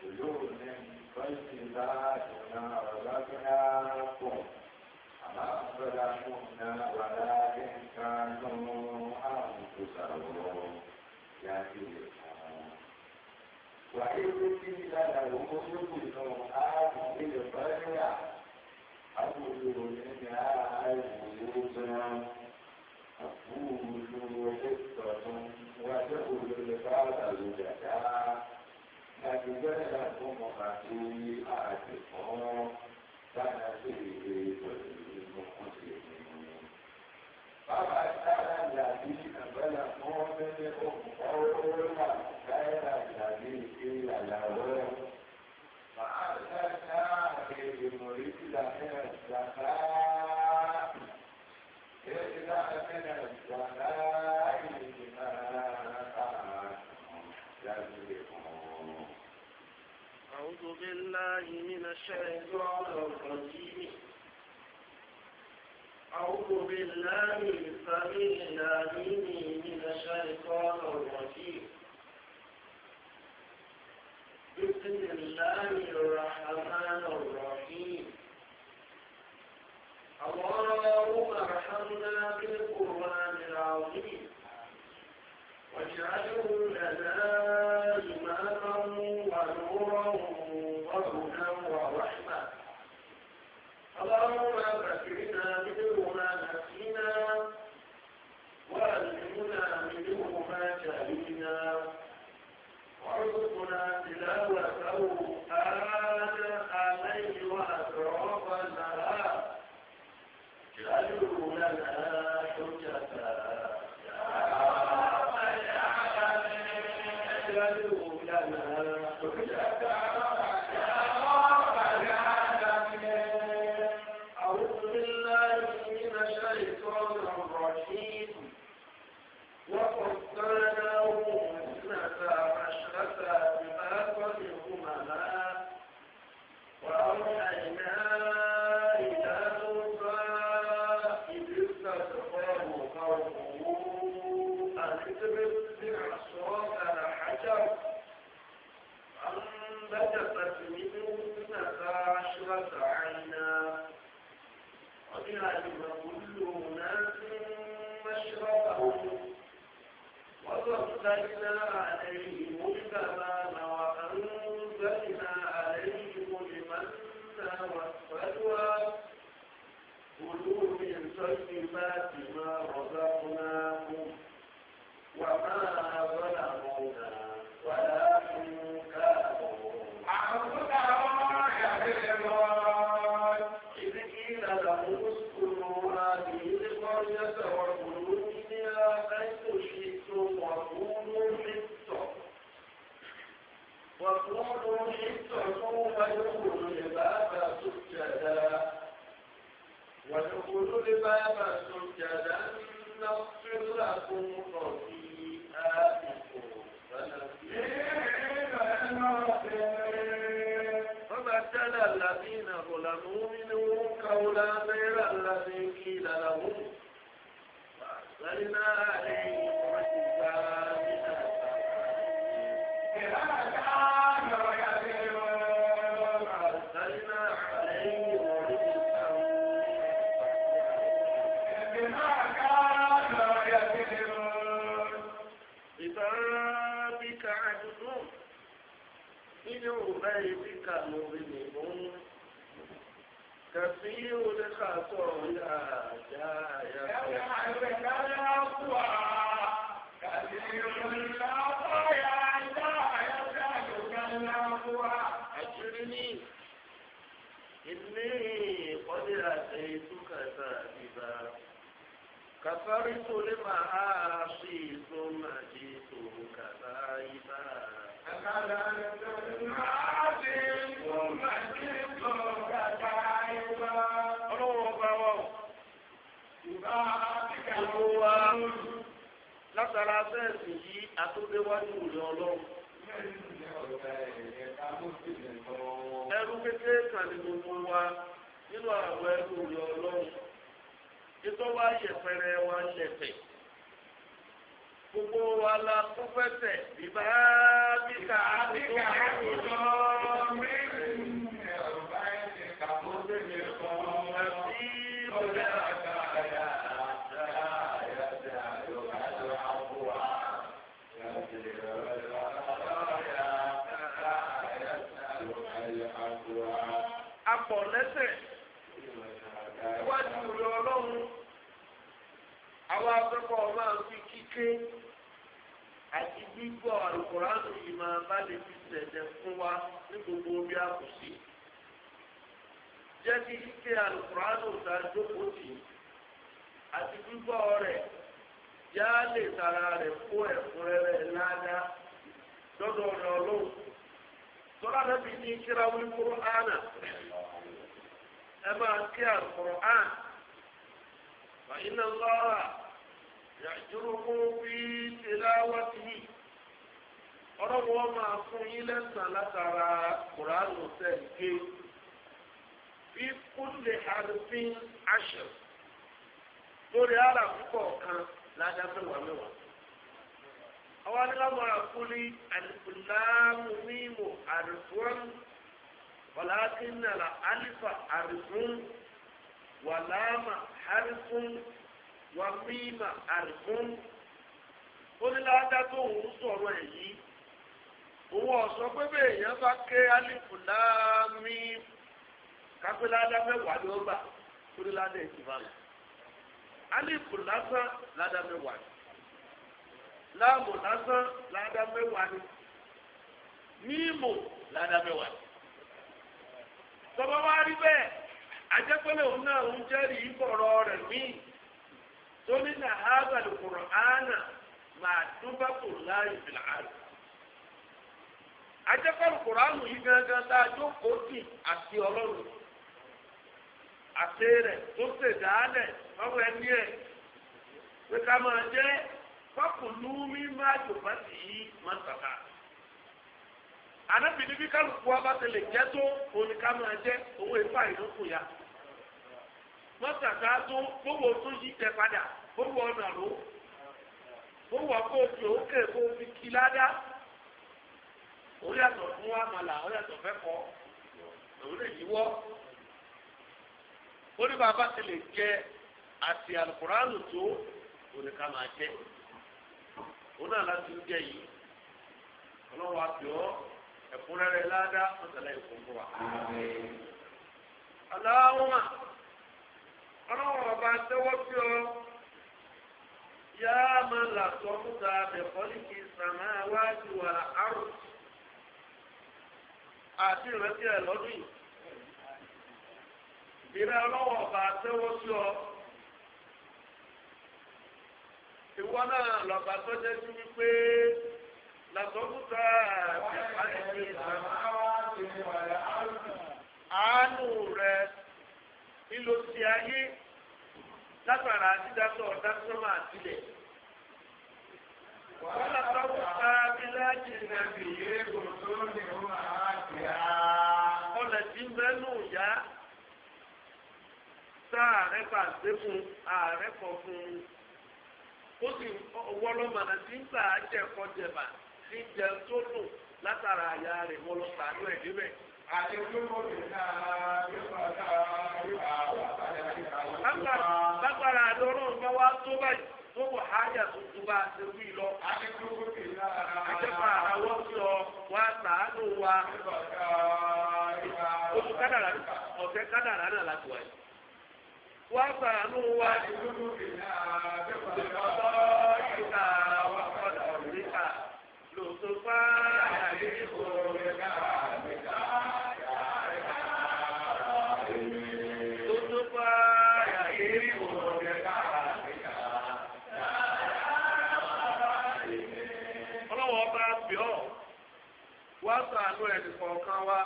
قلوبنا فالتزاج ورزقناكم فما ظلمونا ولكن كانوا أنفسهم يعلمون وإذ قيل لهم اسكنوا هذه القرية أقولوا منها البيوت أقولوا حصة وادخلوا الباب زجاجا láti Bàbá dáná ní àbí fún ọ́n bẹ́ẹ̀ بالله من الشيطان الرجيم أعوذ بالله السميع العليم من الشيطان الرجيم طيبات ما رزقناكم وما بابا سجدا نغفر لكم خطيئاتكم فبدل الذين ظلموا منهم قولا غير الذي قيل لهم فأرسلنا عليهم بيتك مظلم كثير الخطايا جاية كثير الخطايا أجرني إني قد أتيتك ثابتا كفرت لمعاصي ثم جئتك ثائبا látara sẹ́ẹ̀sì yìí àtúndéwájú rẹ̀ ọlọ́run. ẹrú kékeré kan ní gbogbo wa nínú àwọn ẹrú rẹ̀ ọlọ́run títọ́ yẹpẹrẹ wa lẹ̀fẹ̀. gbogbo wa la kún fẹ́sẹ̀ bíbá bíkà àbíkà àbíkà. àwọn akẹ́kọ̀ọ́ máa fi kíké àti gbígbọ́ àlùkòránù yìí máa bá lè fi ṣẹ̀dẹ̀ fún wa ní gbogbo orí àkùsí. jẹ́ kí kíké àlùkòránù ta jókòó tì àti gbígbọ́ rẹ̀ yá lè tara rẹ̀ kó ládàá lọ́dọ̀ ọlọ́run. ní kúrò ẹ máa kí àlùkòránù. فإن yàjúrùkú fi tìláwá sí i ọlọ́wọ́ máa fún yín lẹ́sàn-án látara kùránù sẹ́ǹké fi kúlẹ̀ àrùfín àṣẹ lórí ara púpọ̀ kan ládàbẹ̀wá mẹ́wàá. àwọn aláwọ̀ àkúlí àlùfùláàmù mímu àrùfún wàlákínàlà àlìfà àrùfún wàlámà àrùfún wà mímà àrùn onílàádá tó ń sọ̀rọ̀ ẹ̀ yìí òun ọ̀sọ́ pé bẹ́ẹ̀ èèyàn bá ké alifu láàmì kápẹ́láàdá mẹ́wàá ni ó gbà onílàádá ẹ̀ ti bá lọ alifu lásán láàdá mẹ́wàá ni láàmù lásán láàdá mẹ́wàá ni mímù láàdá mẹ́wàá ni tọ́ba wá rí bẹ́ẹ̀ ajẹ́pẹ́lẹ́ òun náà ń jẹ́rìí ìkọ̀rọ̀ rẹ̀ míì tómìnà hábàlì kùrọ̀ánà máa dúbà kò láàyè fìlàárì. ajẹ́kọ̀ọ́ kùrọ̀ánù yìí gangan tá a jókòó sí àti ọlọ́run àti rẹ̀ tó ṣe dáálẹ̀ ọwọ́ ẹni ẹ̀ pé ká máa jẹ́ fọ́kùnú mi máa jòbá sí i máa tàkà. ànábìíní bí kálukú wa bá tẹ̀lé jẹ́ tó oníkà máa jẹ́ owó ìfà ìlú ya mọ́tàtà tó gbogbo tó yí tẹ padà gbogbo ọ̀nà ló gbogbo ọkọ̀ òkè òkè kó fi kí ládá orí àtọ̀ fún wa orí àtọ̀ fẹ́ kọ́ òun lè bàbá ti lè jẹ àti alukóránù tó òun máa jẹ òun náà jẹ yìí ọlọ́wọ́ àbíọ́ ẹ̀kúnrẹ́rẹ́ ládá mọ́tàlá ìfọ̀nfọ̀ wa. aláwọ̀ máa ọlọ́wọ́ ọba tẹ́wọ́ sí ọ yá máa là sọ múta bẹ̀fọ́lìkì sàmá wájú wà áàrùn àti ìrántí ẹ̀ lọ́dún yìí. ìrẹ́ ọlọ́wọ́ ọba tẹ́wọ́ sí ọ ìwọ náà lọ́ba tó jẹ́ sí wípé làtọ́kùtà bẹ̀fọ́lìkì sàmá wájú wà áàrùn. àánú rẹ ìlòsì ayé. látara dídásọ dásọmọ àtìlẹ. wọ́n sọ́kùn bá bíláàjì náà fi yé ní wọn àgbà. ọ̀nà tí ń yá tá ààrẹ bá fún ààrẹ ó sì tí ń gbà á jẹ́ kọjẹ̀bà tí ń jẹ tó látara àti gbogbo ìta yóò ta yóò àwọn àbájá ìta wọn. lágbára àdúrà ń bá wá tó báyìí wọ́n wọ hájà tó tó bá ṣe wí lọ. àti gbogbo tí ọ wá sàánù wa. oṣù kádàrá ọ̀sẹ̀ kádàrá náà láti wáyé. wá sàánù wa. àti gbogbo ìta àjẹpà àwọn. kọ̀ọ̀kan wa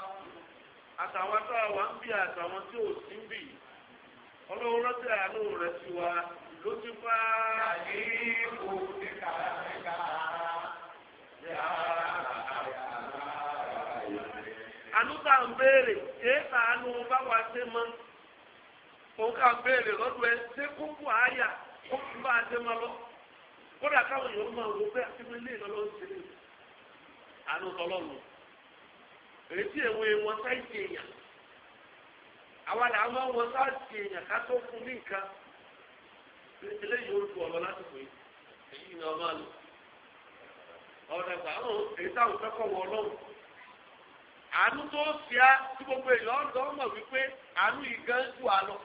àtàwọn tá a wà ń bì àtàwọn tí ò sí ń bì ọlọ́run rántí àánú rẹ̀ sí wa ló ti fà yàrá ìkó ní kàràkà yàrá àánú ń béèrè èé sàánú ṣe òun ń béèrè lọ́dún ẹ ṣé bá a ṣe lọ kódà káwọn máa wò pé àti mi èyí èwe wọn sáìsì èèyàn àwa là á máa wọn sáìsì èèyàn ká tó fún ní nǹkan eléyìí ó lu ọlọ láti pè é èyí ni ọmọ àlọ́ ọ̀rọ̀ ẹ̀gbà àwọn èyí táwọn fẹ́ kọ́ wọ ọlọ́run àánú tó fi á tí gbogbo èèyàn ọ̀dọ́ mọ̀ wípé àánú yìí gan ju àlọ́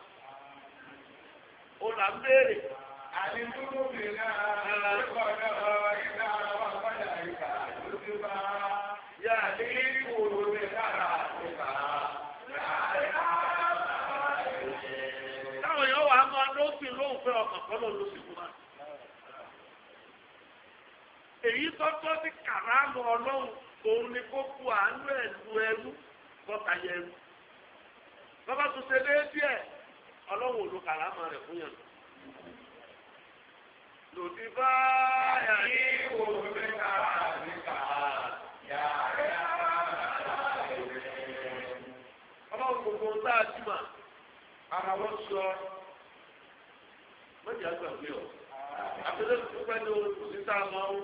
ọ̀pọ̀lọ́ ló sì kú náà. èyí tọ́tọ́ sí kàrámù ọlọ́run òun ni kó kú àánú ẹ̀ lu bọ́ta yẹ ẹrú. tún ṣe déédéé ẹ̀ ọlọ́run ò lo kàrámù rẹ̀ fún yàn. lòdì bá yàrá ìwò mi kàrà mi kàrà yàrá yàrá rẹ̀. ọlọ́run gbogbo ń tá a jùmọ̀ àwọn sọ mọ̀tì àgbàgbé ọ̀ àpẹẹrẹ pípẹ́ ní oṣù sísá máa ń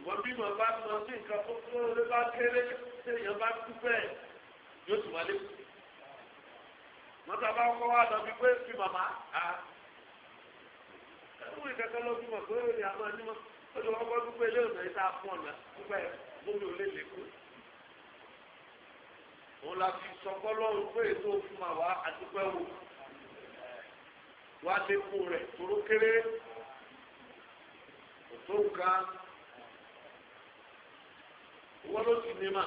ìwọ́n bí mo bá mọ sí nǹkan tó tó lé bá kéré téèyàn bá kú bẹ́ẹ̀ yóò tún wálé mọ́tò àbá kọ́ wá lọ bí pé bí màmá a ẹ̀wọ̀n ìkẹ́kẹ́ ló bí mọ̀ pé ó lè àwọn ẹni mọ́ ó lè wọ́n kọ́ dúpẹ́ ilé ọ̀nà ìta fún ọ̀nà dúpẹ́ bómi ò lè lékún òun la fi sọ kọ́ lọ́rùn pé ètò òfin wá lékún rẹ̀ toró kéré kò tó nǹkan owó ló ti ní mà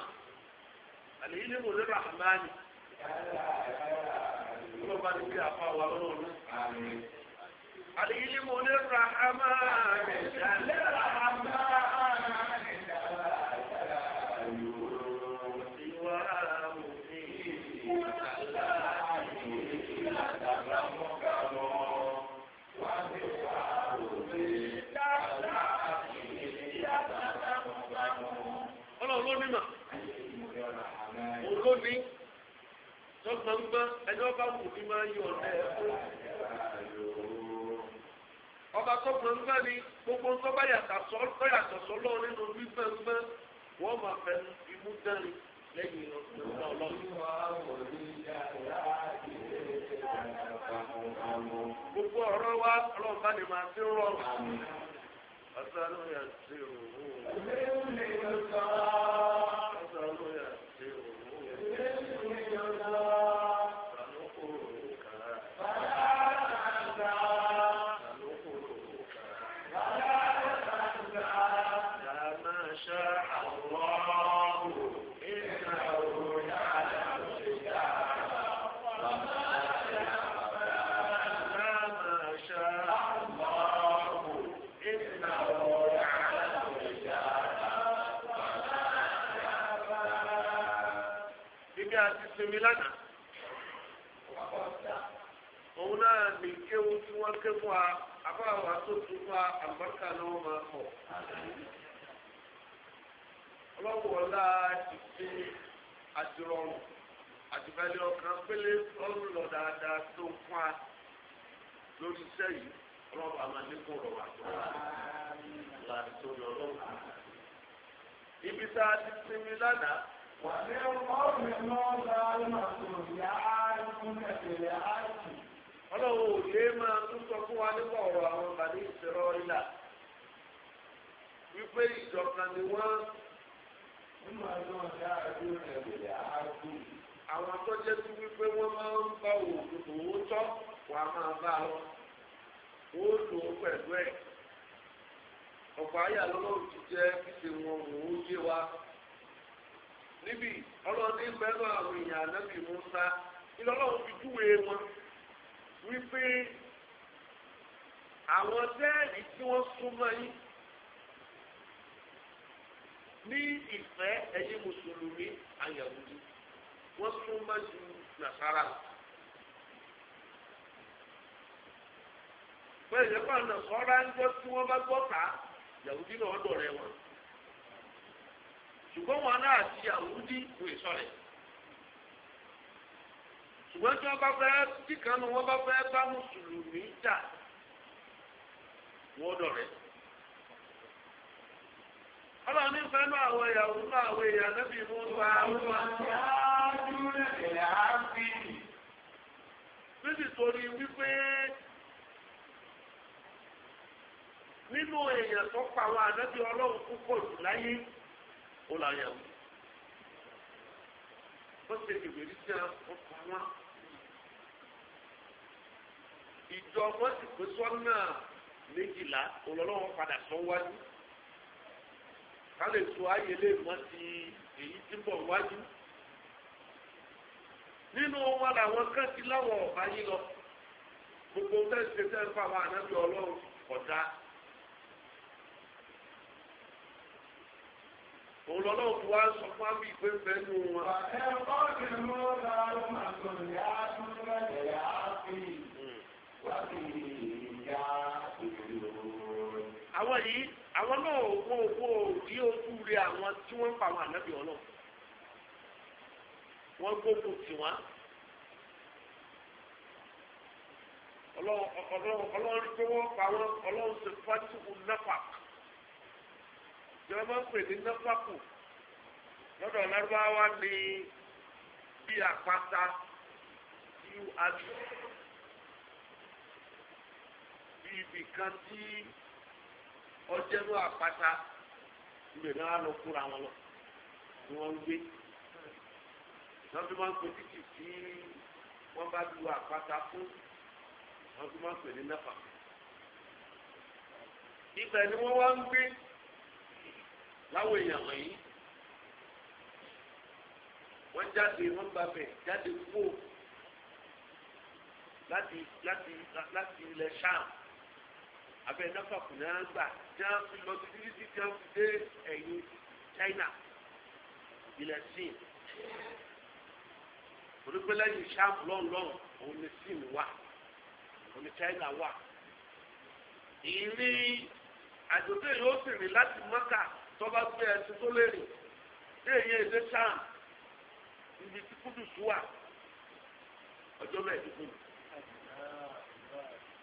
àlèyé ní mo lérò àmàlì wọ́n bá ní bí apá wa lọ́nà ọ̀nà àlèyé ní mo lérò àmàlì ṣàlẹ́ ní tọ́gbọ̀ngbọ́n ẹni ọba wù mí máa yọ ọ̀dẹ ẹ̀kọ́. ọba tọ́gbọ̀ngbọ́n ni gbogbo tọ́ba yàtọ̀ sọ́lọ́ nínú gbígbọ́ngbọ́n wọ́n máa fẹ́ imú dánrin lẹ́yìn ọlọ́run. gbogbo ọ̀rọ̀ wa ọlọ́run bá lè máa ti rọrùn. ọ̀sán ló yà sí sinmi lánàá. òun náà ní kéwu tí wọ́n ké fún wa abáwa tó tún fún wa àgbàkà náà wọ́n máa pọ̀. ọlọ́wọ́ ọ̀la ti ṣe àdìrọ̀rùn àtìbálẹ̀ ọkàn pélé ọ̀run lọ dáadáa tó fún wa lórí iṣẹ́ yìí ọlọ́wọ́ àmà nípò rọ̀ wá tó wà ibi tá a ti sinmi lánàá. Ọlọ́run ò ṣe é máa tún sọ fún wa nípa ọ̀rọ̀ àwọn bàdé ìṣòro ìlà wípé ìjọkan ni wọ́n. Àwọn tó jẹ́ sí wípé wọ́n máa ń bá òògùn wà máa bá lọ. Ó lò ó pẹ̀lú ẹ̀. Ọ̀pọ̀ ayé jẹ́ wọn òun wa. níbi ọlọ́ọ̀dé bẹ́ẹ̀rù àwọn èèyàn ànábì Musa ilé ọlọ́run fi júwe wọn wípé àwọn sẹ́ẹ̀lì tí wọ́n súnmọ́ yín ní ìfẹ́ ẹ̀yin mùsùlùmí àyàwùdí wọ́n súnmọ́ ju nàṣàrà. bẹ́ẹ̀ yẹn bá nàṣọ́ra ń gbọ́ tí wọ́n bá gbọ́ ká yàwùdí náà ọ̀dọ̀ rẹ̀ wọ̀n. ṣùgbọ́n wọn náà ti àwùjí ìwé sọ̀rẹ̀ ṣùgbọ́n tí wọ́n bá fẹ́ tí nu wọ́n bá fẹ́ bá mùsùlùmí jà wọ́n rẹ̀ ọlọ́run ní fẹ́ náà àwọn ìyàwó náà àwọn wa torí wípé nínú èèyàn tó pa àwọn ọlọ́run púpọ̀ jù láyé. ó là yẹ wò ó ṣe ìwérí sí ọkàn wọn ìjọ wọn sì pé sọ́nà méjìlá olólùwọ́n padà sọ wájú ká lè so ayé lè mọ́ ti èyí tí ń bọ̀ wájú nínú wọn làwọn kan ti láwọn ọ̀bá yín lọ gbogbo fẹ́ẹ́ ṣe fẹ́ẹ́ fà ànábì ọlọ́run kọ̀dá. òun lọ́lọ́ fún wa sọ fún àbí ìpè fẹ́nu wọn. ẹ kọ́ sí mú lárú màtò ní àtúntò yà á fi wá sí ìyá ìlú. àwọn yìí àwọn náà wọ́n wọ́n rí ojú rẹ àwọn tí wọ́n ń pa àwọn ànábì ọlọ́run wọ́n gbógun tì wọ́n. ọlọ́run ọlọ́run pé wọ́n pa wọn ọlọ́run ṣe fásitì náfà jọba máa ń pè ní nọ́fàkù lọ́dọ̀ lárúbáwá ni bí àpáta yú adú bí ibì kan tí ọjẹ́rú àpáta ibẹ̀ náà lọ kúra wọn lọ ni wọ́n ń gbé lọ́dọ̀ máa ń pè títì tí wọ́n bá lu àpáta fún lọ́dọ̀ máa ń pè ní nọ́fàkù ibẹ̀ ni wọ́n wá ń gbé láwọn èèyàn wọ̀nyí wọ́n jáde wọ́n gba bẹ̀ jáde kúrò láti láti láti ilẹ̀ Ṣáàm abẹ́ náfà kù náà gbà tí wọ́n fi lọ sí títí tí wọ́n fi dé ẹ̀yìn China ilẹ̀ sin onípẹ́lẹ́yìn Ṣáàm lọ́nlọ́n òun ni sin wà òun ni China wà ìrìn àjòkè yóò sì rìn láti Mọ́kà. t'ọba gbé ẹsẹ̀ tó lérè tí èyí èdè sáà níbi tí kúdù sùn wà ọjọ́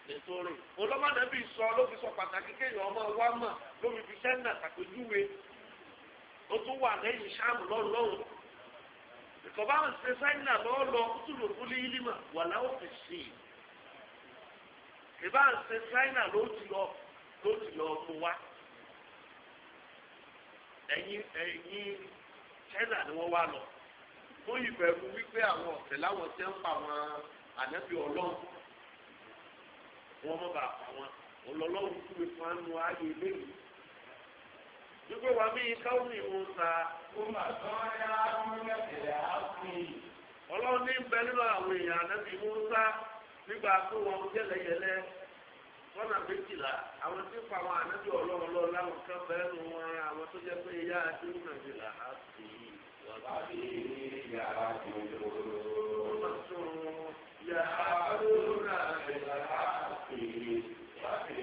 nítorí olómọdébí sọ ló fi sọ pàtàkì kéèyàn ọmọ wa mọ̀ lórí fi sẹ́ńdà tàpéjúwe ó tún wà lẹ́yìn sáàmù lọ́rùn lọ́rùn ìkọ̀bá ń ṣe lọ ó tún lò fún lílí mà wà fi sí ẹ̀yìn ẹ̀yìn China ni wọ́n wá lọ wọ́n yìí wípé àwọn ọ̀sẹ̀ láwọn ṣe ń pa àwọn ànábì ọlọ́run wọ́n mọ̀ bá pa wọn ọlọ́lọ́run kú mi fún anú ayé ilé yìí gbogbo wa mí káwọn sa. ó mà ọlọ́run ní bẹ́ẹ̀ nínú àwọn èèyàn ànábì nígbà tó wọn jẹ́lẹ̀yẹlẹ́. lọ́nà méjìlá àwọn tí ń fa àwọn ànábì ọlọ́run lọ láwọn kan bẹ́ẹ̀ nu wọn àwọn tó jẹ́ pé yá adé ń nàbí là á sì í. wàá fi yá àdúró. wọ́n tún yá àdúró náà lè là á sì í. wàá fi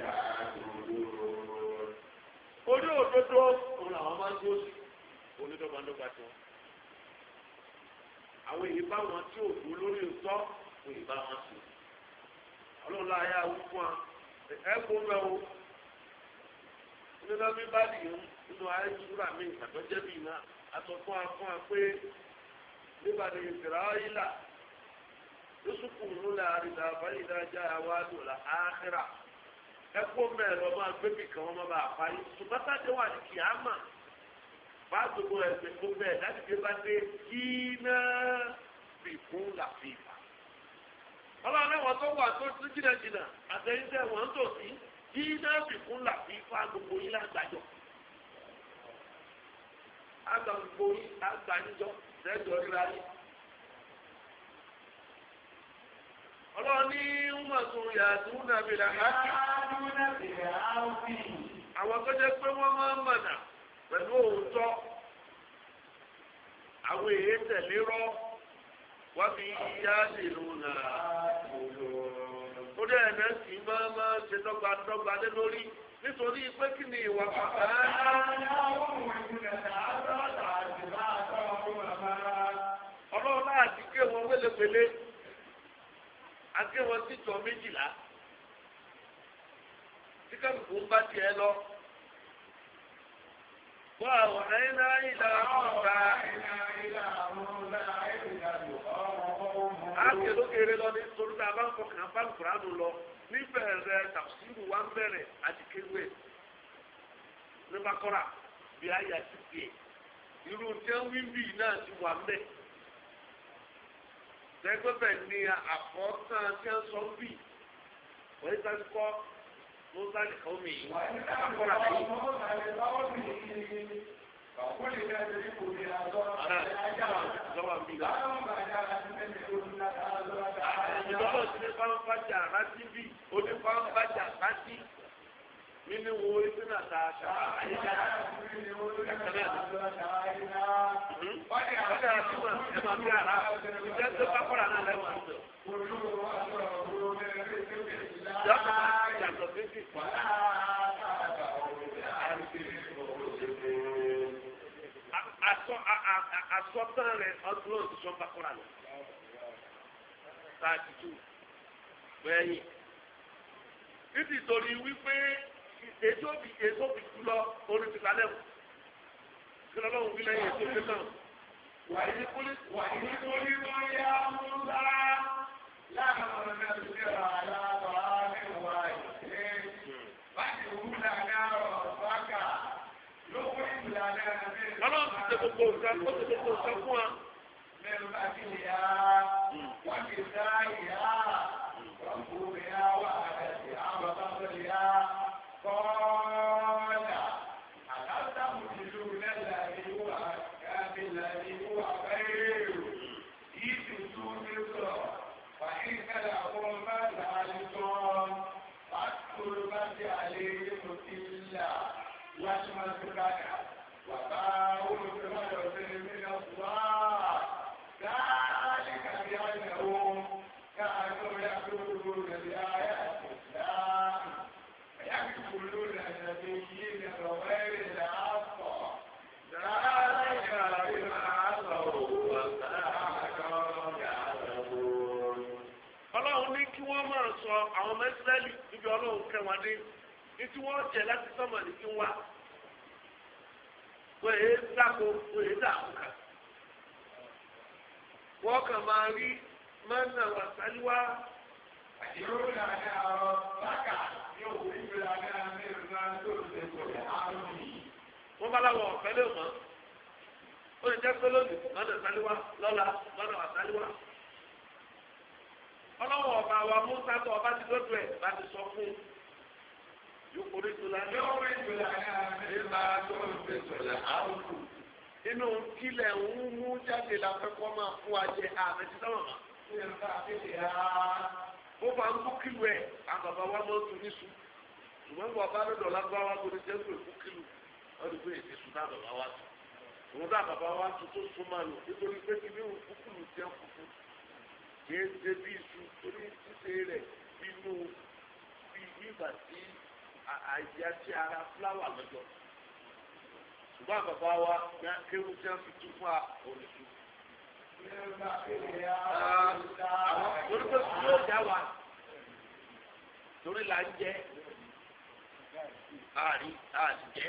yá àdúró. orí òdodo òun làwọn máa ń gbó sí onídọ́gbàdọ́gba tiwọn. àwọn èyí bá wọn tí ò dúró lórí ìtọ́ òyìnbá wọn sùn ọlọ́run láàyè àwọn fún wa ẹ̀kọ́ mẹ́ o nínú bí bá dìgbò nínú ayé sùúrà mi àtọ́jẹ́ bíi náà àtọ́kùn afún wa pé nígbà tí ìsirà ayílà yusufu nula àrídà àbáyídà já àwọn àdùnlà áhírà ẹ̀kọ́ mẹ́ lọ máa gbébì kan wọ́n máa bá a parí ṣùgbọ́n sáté wà ní kìámà bá gbogbo ẹ̀sìn gbogbo ẹ̀ láti gbé bá dé kí náà bìkún làfíì ọlọ́run àwọn tó wà tó tún jìnnà jìnnà àtẹ̀yìntẹ̀ wọ́n ń tòsí yìí náà sì fún làbí fa gbogbo yín lágbàjọ. àgbà gbogbo yín àgbàjọ sẹ́jọ́ ríra yín. ọlọ́run ní umasun yàtú nàbìlà hákì. àwọn tó jẹ́ pé wọ́n máa ń mọ̀nà pẹ̀lú òótọ́ àwọn èèyàn tẹ̀lé rọ́ọ̀ wọ́n fi ìlú náà. ó dẹ́ ẹ̀mẹ́ sì máa máa ṣe dọ́gbadọ́gba lé lórí nítorí pé kí ni ìwà pàtàkì. ọlọ́run náà ti gé wọn wélepele agé wọn títọ́ méjìlá tí kálukú ń bá tiẹ̀ lọ. Wọ́n àwọn ẹ̀yin náà ìlà ọ̀gá àáké lókèrè lọ ní torí tá a bá ń kọ kàn fáwọn kùránù lọ níbẹ̀rẹ̀ tàbísírù wa ń bẹ̀rẹ̀ àdìkéwé nípa bí a yà sí tiẹ̀ irú tí ó wí bì náà ti wà ń bẹ̀. Tẹ́gbẹ́bẹ̀ ni àfọ́sán tí ó sọ bì wọ́n yí sáré kọ́ ló sáré kọ́ mi. Kọ́ra bí. Ọ̀rẹ́ àti ìjọba mi là kati bi onífọwọ́n bàjá kati nínú wo etí náà ta ta àyíká kàkàrà ọ̀dà àtúmọ̀ ẹ̀ máa bí ara ìjẹ́ tó bá kọ́ra náà lẹ́wọ̀n. Yọ̀ọ̀ta yàtọ̀ méjì. Asọ́tàn rẹ̀ ọdún náà ti kọ́ra lọ gbẹ̀yìn títí torí wípé èso fi èso fi kú lọ orí ti kalẹ̀ o kí lọ́lọ́run wí lẹ́yìn èso fi náà. wàyí kúlí wàyí kúlí wọ́n yá múlá láàmú náà ti fi rà láàbà mẹ́wàá ìṣe láti wúlà náà ọ̀sáka lówó ìlà náà mẹ́rin. ọlọ́run ti ṣe gbogbo nǹkan ó ti gbogbo nǹkan fún wa. mẹ́rin bá ti yá hmm. wọ́n ti dá ìyá. صالح sọ àwọn ọmọ Ísírẹ́lì níbi ọlọ́run kẹwàá dé ní tí jẹ láti sọ́mọ̀ ní kí wá wọ́n dáko wọ́n èé dààmú kà wọ́n kàn máa rí mọ́nà wà sáliwá. àdìrò náà ní àrọ bákà yóò wí ìgbéra ní tó ṣe kò ní yìí. wọ́n bá láwọn ọ̀fẹ́ lè mọ́ ó lè jẹ́ pé lónìí mọ́nà lọ́la mọ́nà wà ọlọ́wọ́ ọba wa musa tó ọba ti dọ́dọ̀ ẹ̀ bá ti sọ fún yòkòrè tó la ní ọ̀rẹ́ tó la ní máa tó ọ̀rẹ́ tó la àwùjọ. inú kílẹ̀ ń mú jáde la fẹ́ kọ́ máa fún wa jẹ àmì tí sọ́wọ́n ó máa ń kú kílù ẹ̀ àgbàbà wa máa ń ní sùn ṣùgbọ́n bọ̀ bá lọ́dọ̀ lágbára kò ní jẹ́ pé kú kílù ọdún pé èdè sùn náà bàbá wa tún. òun náà bàbá wa kìí ṣe bí iṣu orí ṣíṣe rẹ̀ bínú bí nígbà tí àyà tí ara fúláwà lọ́jọ́ ṣùgbọ́n bàbá wa ní akéwù tí wọ́n fi tún fún oníṣu. àwọn oníṣu yóò dá wa torí là ń jẹ àrí àjẹ.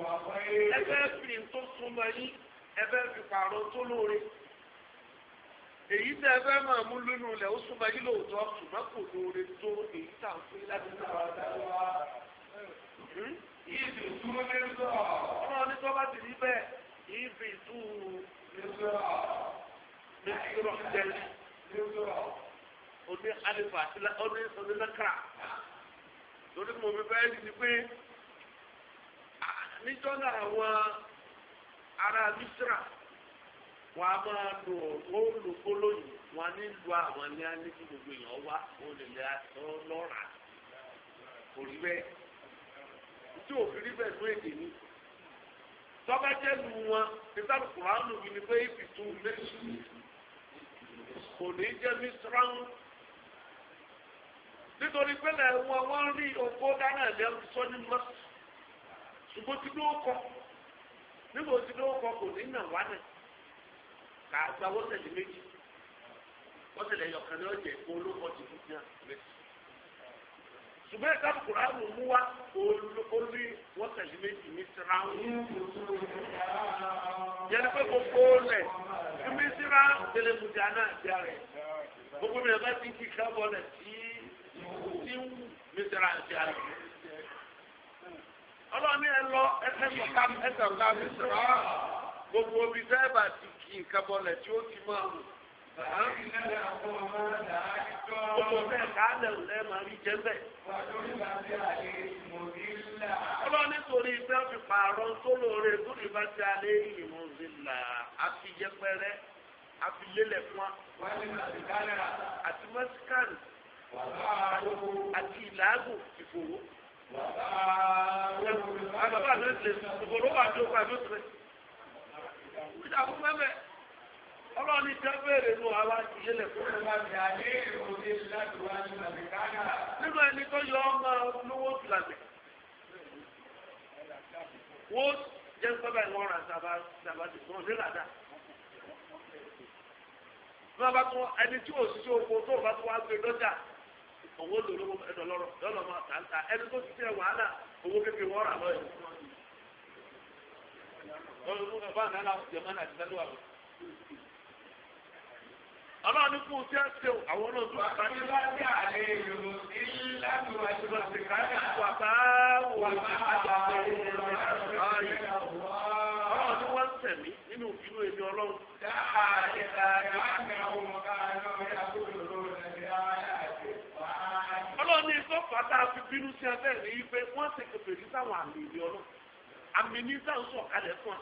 ẹfẹ́ fi tó súnmọ́ yín ẹfẹ́ fi pààrọ̀ tó lóore èyí tẹ ẹfẹ́ máa mú lónú rẹ̀ ó súnmọ́ yín lóòótọ́ ṣùgbọ́n kò lóore tó èyí tà ń pín láti hmm? ní àwọn àdáwà. ìbí túnú ní sọ. wọn ní sọ́ba ti rí bẹ́ẹ̀ ìbí túnú ní sọ. ní sọ́ba tẹ̀lé ní sọ. oní alifa oní onílẹ̀kra lórí mo fi bẹ́ẹ̀ ni pé níjọ́ náà àwọn ará misra wọn a máa lo òòlù gbólóyìn wọn ní lu àwọn ní alẹ́ kí gbogbo èèyàn wá òun lè lè lọ́ra kò rí bẹ́ẹ̀ tí òfin rí bẹ́ẹ̀ fún èdè ni tọ́ba jẹ́ lu wọn nítorí kùránù yìí ni pé ibi tó méjì kò ní jẹ́ misra ń nítorí pé lẹ́wọ̀n wọ́n rí oko dáná lẹ́wọ̀n sọ́ni mọ́sí ṣùgbọ́n ti dó kọ nígbà tí dó kọ kò ní nà wá náà kà á gba wọ́sẹ̀lẹ̀ méjì wọ́sẹ̀lẹ̀ yọ̀kan ní ọ̀jẹ̀ kó olóko ti fún yàn méjì ṣùgbọ́n ẹ̀ka kura ló mú wa olórí wọ́sẹ̀lẹ̀ méjì ní siraun yẹn pé gbogbo lẹ̀ fúnmi síra tẹlẹmùjà náà jẹ́ rẹ̀ gbogbo mi ẹ̀ bá ti kí kábọ̀ lẹ̀ tí tí ń mi síra jẹ́ rẹ̀ ọlọ́ọ̀ni ẹ lọ ẹsẹ̀ kọ̀ọ̀ká ẹsẹ̀ ọ̀ká mi sọ̀rọ̀ gbogbo omi dẹ́ẹ̀bà ti kì í kábọ̀lẹ̀ tí ó ti máa wù. Gbogbo bẹ́ẹ̀ káàlẹ̀ ò lẹ́ẹ̀ máa rí jẹ́ bẹ́ẹ̀. Ọlọ́ọ̀ni torí bẹ́ẹ̀ fi pààrọ̀ tó lóore gúdì bá ti alẹ́ ìrìnnà òzìlà àti yẹpẹrẹ àti lélẹ̀ Àti mọ́síkàlì àti ìlàágùn ìfòwò àgbàbà ló ṣe ìgbòrò àjò pẹ̀lú tẹ̀. ìjàkú mẹ́mẹ́ ọlọ́run ní jẹ́ béèrè nù àwa ìyẹlẹ̀ fún nínú ẹni tó yọ ọmọ lówó tìlànà wọ́n jẹ́ sábà ìwọ̀n ra sábà ti sọ̀rọ̀ sí làdá. bí wọ́n bá tún ẹni tí ò sí oko tó bá tún wá gbé lọ́jà owó lòlówó ẹ̀dọ̀ lọ́rọ̀ yọ̀lọ̀ máa tà ń ta ẹni tó ti tẹ̀ wàhálà owó kékeré wọ́n rà lọ́yọ̀. ọlọ́run ní kú tí a ṣe àwọn náà tún bá ní. wàá bí àlẹ́ yòó ilá tó wà ní wàsíkàtà. wàbá wò ọlọ́run ní wọ́n ń tẹ̀mí nínú ìbínú èmi ọlọ́run. dáhà ẹ̀ka ẹ̀ tó fàtà fi bínú sí abẹ́ rẹ̀ yí pé wọ́n ti kẹfẹ́ ní sáwọn àmì ìlú ọlọ́ àmì ní sáwọn sọ̀kalẹ̀ fún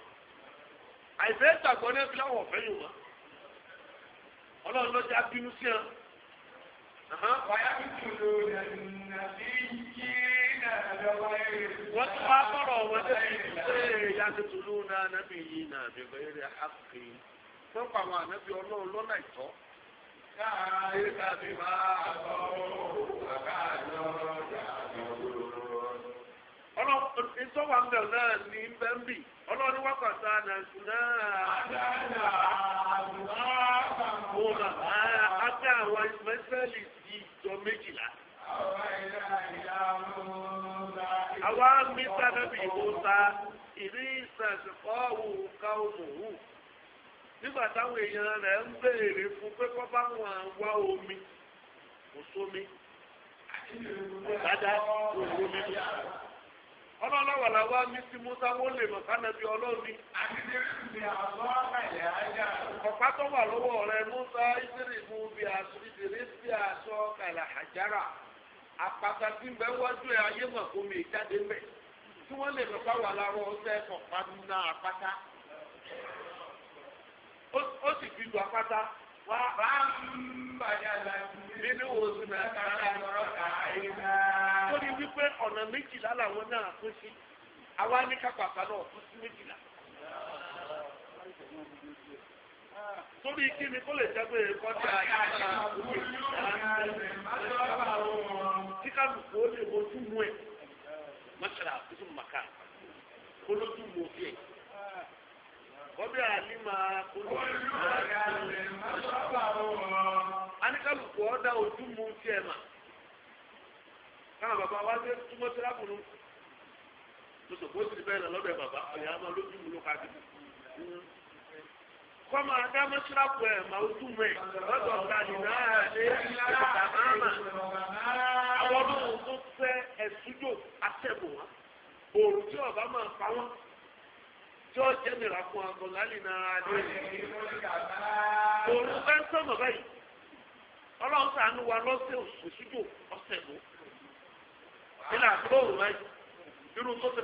wa àìfẹ́ gbàgbọ́ náà fi láwọn ọ̀fẹ́ yìí wọ́n ọlọ́run lọ́jà bínú sí wọn. wọ́n tún wá bọ̀rọ̀ wọn débi ṣé yàtọ̀ tòlú náà nàbí yìí náà bẹ̀rẹ̀ àkè fún àwọn ànábì ọlọ́run lọ́nà ìtọ́. ذلك بما عصوا وكانوا يعملون ọlọ́run ìsọ́wà ń bẹ̀rù náà ní bẹ́ńbì ọlọ́run wákàtá nàìjíríà náà. àdáyà àbúrò àbúrò àti àwọn ìsọ̀mẹ́sẹ́lì di ìjọ méjìlá. àwa mi sábẹ́ bí ìbò ta ìrí ìsàsìkọ́ òun ká òun nígbà táwọn èèyàn rẹ̀ ń bèèrè fún pé kọ́ bá wọn wá omi kò sómi dáadáa kò sómi ọlọ́lọ́wà la wá mí musa wọ́n lè mọ̀ ọ̀pá tó wà lọ́wọ́ rẹ̀ musa ìdírí bí aṣọ ìdírí bí aṣọ kàlà àjàrà àpáta tí ń bẹ wájú ayé mọ̀ kó mi jáde mẹ́ tí ó sì fi gbà pátá. wà á ń bàjẹ́ àlàyé nínú oṣù náà kára lọ́rọ̀ káyé náà. ó ní wípé ọ̀nà méjìlá làwọn náà kún sí àwa ní kápákà náà kún sí méjìlá. torí kí ni kó lè jẹ́ pé kọjá kíkàlùkù ó lè mojú mú ẹ mọ́ṣáláà kó kọ́bí àlímà kúlù. olùkọ́yà lè má sábà wọ̀. aníkàlùkù ọ̀dà ojú mu tiẹ̀ mà. káwọn bàbá wa ṣe túmọ̀ síláàpù nù. lọ́sọ̀kọ́ sì bẹ́ẹ̀ lọ lọ́dọ̀ bàbá ọ̀yà máa lójú mu ló káàkiri. kọ́mọ adá má síláàpù ẹ̀ má ojú mu ẹ̀ lọ́dọ̀ ọ̀gáàdì náà ṣe ìgbàgbọ́n àwọn ọdún tó fẹ́ ẹ̀sùjò àtẹ̀bù wọn òòrùn tí ọ̀bá máa pa wọn. tí ó jẹ́ mìíràn fún ọkọ̀ lálẹ́ náà ni. òun ọlọ́run sànú wa lọ́sẹ̀ òṣùjò ọ̀sẹ̀ mú. nílà tó òun báyìí irú tó ń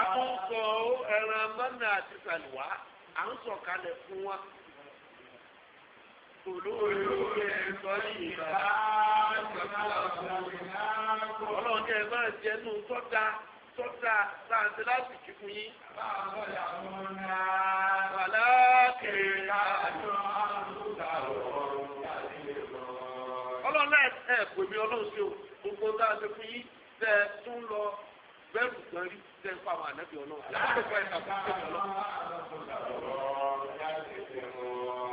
a sọ ẹran àti sàlùwà à ń fún wa. olóòlù sọ ọlọ́run jẹ́ ẹgbẹ́ ẹ̀jẹ̀ nù tọ́ta tọ́ta sáǹtì láti jù fún yín. Bàlá kèrè ọlọ́run ẹ̀ ẹ̀ pè mí ọlọ́run sí o gbogbo tá a ṣe fún yín tẹ tún lọ bẹ́ẹ̀rù gan rí tẹ fún àwọn ànábì ọlọ́run.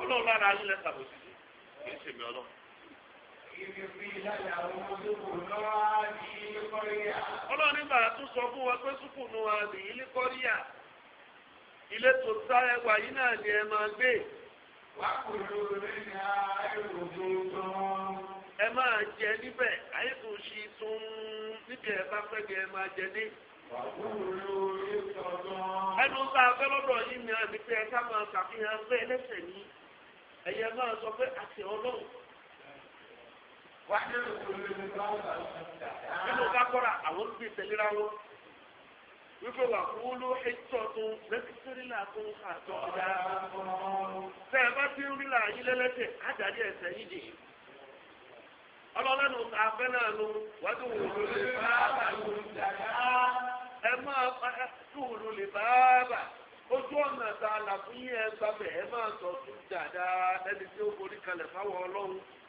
ọlọ́run lára yín lẹ́sàbòsí kì í ṣèmi ọlọ́run ọlọ́run nígbà tó sọ fún wa pé sùkùnù àbí ilé kọ́ríà ilé tó tá ẹwà yìí náà ni ẹ máa gbé. wà á kúrò lórí àìrò tuntun. ẹ máa jẹ níbẹ̀ àìsùn ṣì tún níbi ẹ bá fẹ́ kí ẹ máa jẹ ní. wà á kúrò lórí tuntun. ẹnu tá a fẹ́ lọ́dọ̀ yìí ni àbí pé ẹ ká máa ṣàfihàn pé ẹlẹ́sẹ̀ ní ẹ̀yẹ máa sọ pé àti ọlọ́run. nínú kákọ́ra àwọn gbé tẹ̀léra wọn wípé wà kúlú ẹjọ́ tó tó ẹ bá ti ń yín ẹ̀sẹ̀ yìí dì náà wájú lè ẹ máa lè ojú ọ̀nà tá a là fún yín ẹ gbàgbé ẹ máa sọ ẹni tí ó kalẹ̀ fáwọn ọlọ́run.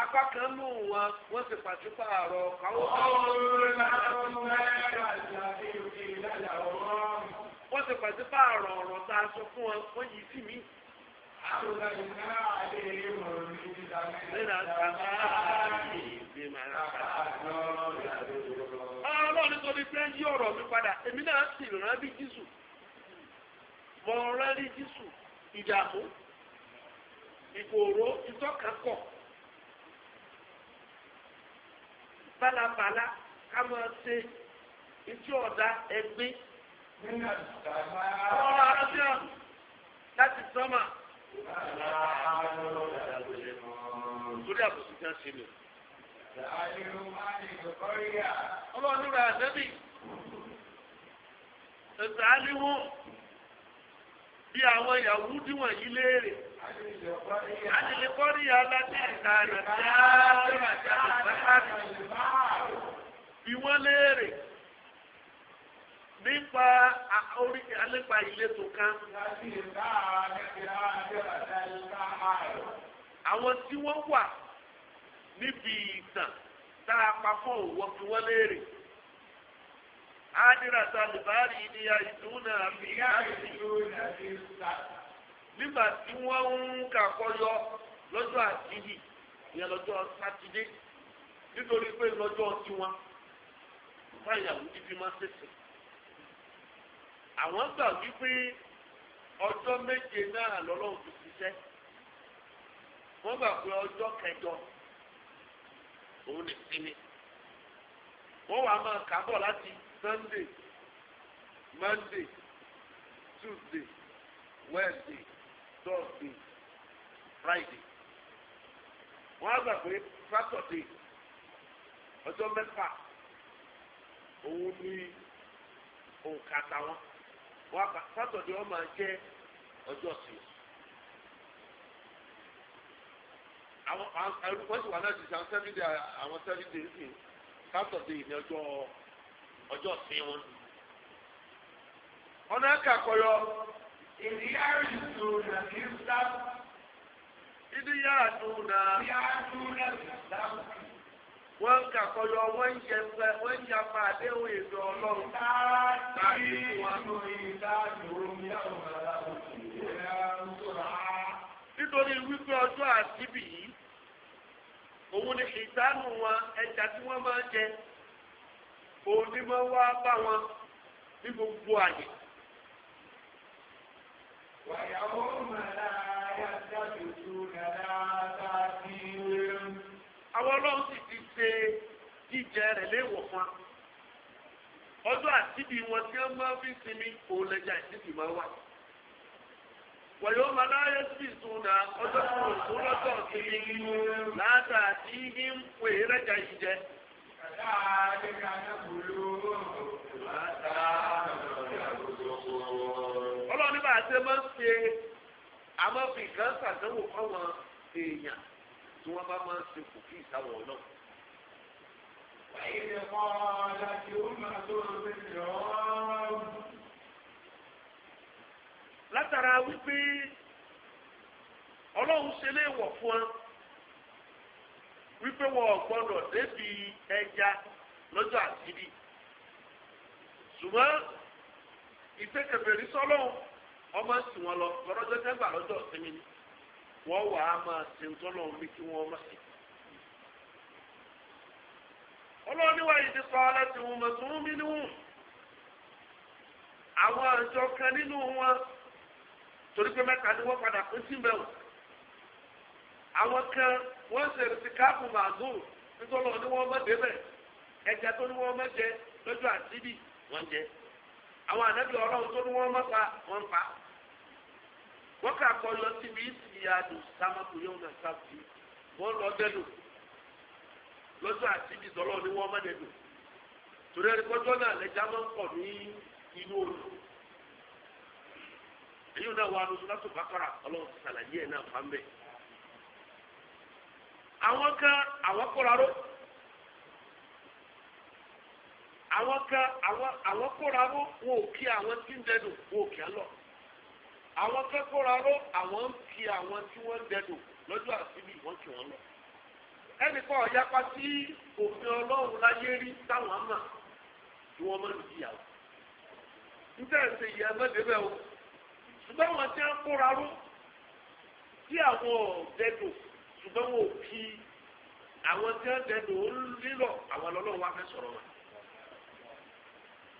apá kan nù wọn wọ́n sì pàṣípààrọ̀ káwọn. wọ́n sì pàṣípààrọ̀ ọ̀rọ̀ tá a sọ fún wọn wọ́n yìí sí mi. Ọlọ́run tó ní fẹ́ yí ọ̀rọ̀ mi padà, èmi náà sì rán bí Jésù. Mo rán rí Jésù ìdààmú, ìfòòró, ìtọ́kànkọ̀. bálabàlá ká máa ṣe ìtú ọ̀dà ẹgbẹ́. ọ̀rọ̀ àrọ́síọ̀ láti sọ́mà. torí àbùsùn kan ṣe lò. ọlọ́run nígbà àtẹ́bí ẹ̀sán á níwọ̀n bí àwọn Yàhúdí wọ̀nyí léèrè. عن القرية التي كانت ìwọ́n léèrè nípa orí alẹ́pà ìletò kan. àwọn tí wọ́n wà níbi ìtàn tá a pa fún òwò fi wọ́n léèrè. ádìrà tá a lè ní àìsùn náà fi á nígbà tí wọ́n ń kàkọ́yọ lọ́jọ́ àtìyí ìyẹn lọ́jọ́ sátidé nítorí pé lọ́jọ́ tiwọn báyàwó ibi máa ṣèṣe. àwọn gbà wípé ọjọ́ méje náà lọ́lọ́run ti ṣiṣẹ́ wọ́n gbà pé ọjọ́ kẹjọ òun lè sinmi wọ́n wàá máa kábọ̀ láti Sunday Monday Tuesday Wednesday thursday friday wọ́n á gbà pé saturday ọjọ́ mẹ́fà òun ní òǹkà táwọn wọ́n á gbà saturday wọ́n máa jẹ́ ọjọ́ sí i. àwọn ẹrú wọ́n sì wà náà ti sàn seven day àwọn seven day sí saturday ní ọjọ́ ọjọ́ sí wọn. ọ̀nà ẹ̀ka إذ يعدون في السبت إذ يعدون يعدون في السبت wọ́n kà kọyọ wọ́n yẹ fẹ́ wọ́n yẹ apá àdéhùn èdè ọlọ́run. láti ìwọ̀nù ìdádúró ní àwọn aláwọ̀ ìlera ń sọ̀rọ̀ á. nítorí wípé ọjọ́ àtibì yìí òun ni ìdánù wọn ẹja tí wọ́n máa jẹ òun ni wọ́n wá bá wọn ní gbogbo àyè. àwọn ọlọ́run sì ti ṣe jíjẹ rẹ̀ léèwọ̀ fún wa ọjọ́ àtibí wọn tí wọ́n máa fi sinmi òun lẹ́jà ìsìnkú máa wà wọ̀lẹ́ máa láyé sí ìsúná ọjọ́ tó ń látàtí ní ń pè lẹ́jà ìjẹ. kàdá àdéhùn àdébùlù ọlọ́run nígbà tí wọ́n máa ń ṣe amọ́fin kan ṣàdánwò fáwọn èèyàn tí wọ́n bá máa ń ṣe kò kí ìsáwọ̀ ọlọ́run. وإذ قالت أمة بالعرب látara wípé ọlọ́run ṣe lè wọ̀ fún ọ wípé wọn ò gbọ́dọ̀ débi ẹja lọ́jọ́ àṣírí ṣùgbọ́n ìfẹ́kẹ̀fẹ̀rí sọ́lọ́run ọmọ sì wọn lọ ọlọ́jọ́ tẹ́gbà lọ́jọ́ ìsinmi ni wọ́n wà á máa ṣe ń tọ́lọ̀ omi kí wọ́n má ṣe. ọlọ́run níwà yìí ti sọ aláti wọn mọ̀tún mí níwọ̀n àwọn àjọ kan nínú wọn torí pé mẹ́ta ni wọ́n padà pín sí mẹ́wọ̀n àwọn kan wọ́n ṣe ìrìsìkáàpù màdùn nítorí ọ̀nà ni wọ́n mọ̀ débẹ̀ ẹja tó ní wọ́n mọ̀ jẹ lọ́jọ́ àtìbí wọ́n jẹ́ àwọn ànábì ọlọ́run tó ní wọ́n má pa wọ́n pa wọ́n kà kọ́ yọ síbi ìsìyàdù sámàkù yóò nà sábì wọ́n lọ dẹ́nu lọ́jọ́ àtibí sọ́lọ́ ni wọ́n má dẹ́nu torí ẹni kọjọ́ náà lẹ́jà máa ń pọ̀ ní inú òòlù èyí náà wà lóṣù ọlọ́run ti sàlàyé ẹ̀ àwọn kan àwọn àwọn kóra ró wọn ò kí àwọn tí ń dẹdùn wọn ò kí á lọ àwọn kan kóra ró àwọn ń kí àwọn tí wọ́n ń dẹdùn lọ́jọ́ àṣírí wọ́n kí wọ́n lọ. ẹnì kan ọ̀yapa sí òfin ọlọ́run láyé rí táwọn àmà tí wọ́n máa ń jìyàwó. ń tẹ̀ ṣe ìyá mẹ́tẹ́fẹ́ o ṣùgbọ́n àwọn tí wọ́n kóra ró tí àwọn ọ̀dẹ́dùn ṣùgbọ́n wọn ò kí àwọn tí wọ́n dẹdùn ó ń lílọ̀ àwọn ọlọ́run wá fẹ́ sọ̀rọ̀ wọn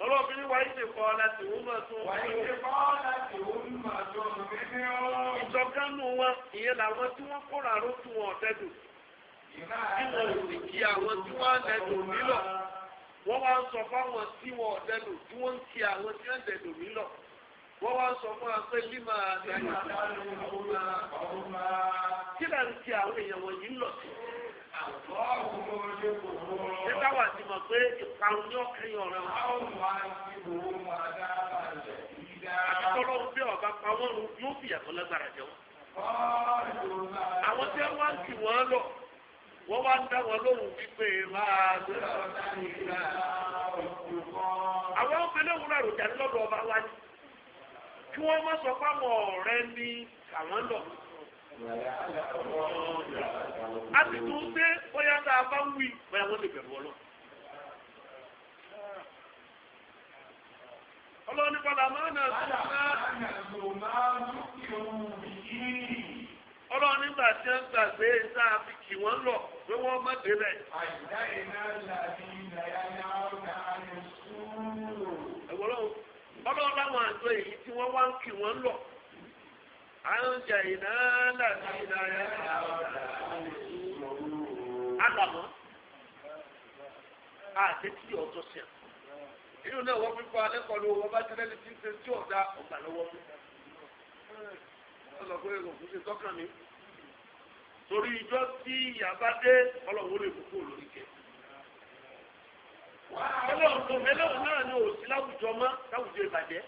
tọ́lọ́bí ní wáyé ṣe láti wọ́n máa tún. wáyé ṣe kọ́ láti wọ́n máa tún mímí wọn ìyẹn làwọn tí wọ́n kóra ló tún wọn ọ̀tẹ́dùn. tí wọn ò sì kí àwọn tí wọ́n ọ̀tẹ́dùn nílọ̀. wọ́n wá ń sọ fáwọn tí wọn ọ̀tẹ́dùn tí wọ́n ń kí àwọn tí wọ́n ọ̀tẹ́dùn nílọ̀. wọ́n wá ń sọ fún wa pé límà àtàlù ọ̀hún máa. kí Nígbà wà sí mọ̀ pé ìparun ní ọ̀kẹ́yìn ọ̀rẹ́ wọn. Àtọ́lọ́ ń bí ọ̀gá pa wọ́n yóò fìyà tó lágbára jẹ Àwọn tí ń kì lọ, wọ́n wá ń dá wọn lóhùn wípé máa lọ. Àwọn ọmọdé wúlò àròjà ni. Kí wọ́n lọ. a sì tún ṣe bóyá tá a bá ń wí bóyá wọ́n lè bẹ̀rù ọlọ́. ọlọ́run nípa làmọ́ náà tí wọ́n fi kì wọ́n lọ pé wọ́n má débẹ̀. àìdá náà ọlọ́run àjọ èyí tí wọ́n wá ń kì wọ́n lọ. àrùnjẹ iná láti iná yẹn àgbàmọ́ àtẹ́tí ọ̀tọ̀ sí à inú náà wọ́n fífọ́ alẹ́kọ̀ọ́ ló wọ́n bá tẹ́lẹ̀ tí ń ṣe tí ọ̀dà ọ̀gbà lọ́wọ́ mi ọlọ́ pé kò fún ṣe tọ́kàn mi torí ìjọ tí ìyá bá dé ọlọ́wọ́ lè kókó lórí kẹ ọlọ́run tó mẹ́lẹ́wọ̀n náà ni òsì láwùjọ mọ́ láwùjọ ìbàjẹ́.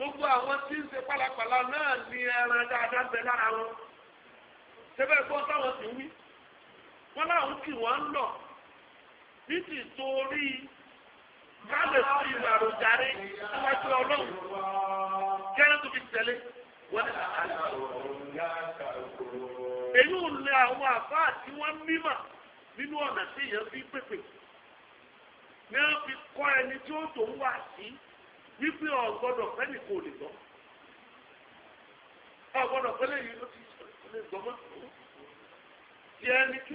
gbogbo àwọn tí ń ṣe pálapàla náà ní ẹran dáadáa bẹ lára wọn ṣẹbẹ́ gbọ́ táwọn sì ń wí wọn láwọn kì wọ́n ń lọ nítorí káàlẹ̀ sí ìwàrò jàre níwájú ọlọ́run kẹ́rẹ́ tó fi tẹ̀lé wọ́n ní àlọ́ èyí ò lè àwọn tí nínú ọ̀nà tí èèyàn fi pèpè ní wọ́n fi ẹni wípé ọ̀gbọ́dọ̀ fẹ́ni kò lè gbọ́ ọ̀gbọ́dọ̀ fẹ́lẹ́ yìí ló ti lè ti ẹni tí ti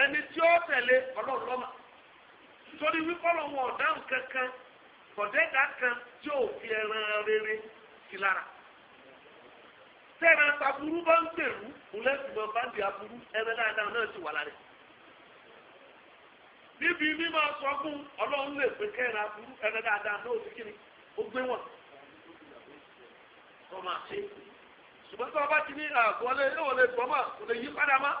ẹni tí ó tẹ̀lé ọlọ́run lọ́mà torí wípé ọlọ́run ọ̀dáhùn kankan kọ̀dẹ́gà kan tí ò fi ẹran rere sí lára tẹ̀ràn bá ń gbèrú òun níbi mímọ sọ fún ọlọ́run lè pé kẹ́ra burú ẹni dáadáa náà ti kiri ó gbé wọn kọ́ ma ṣe ṣùgbọ́n tí wọ́n bá ti ní àgbọ̀lé yóò lè gbọ́ mọ́ kò lè yí padà mọ́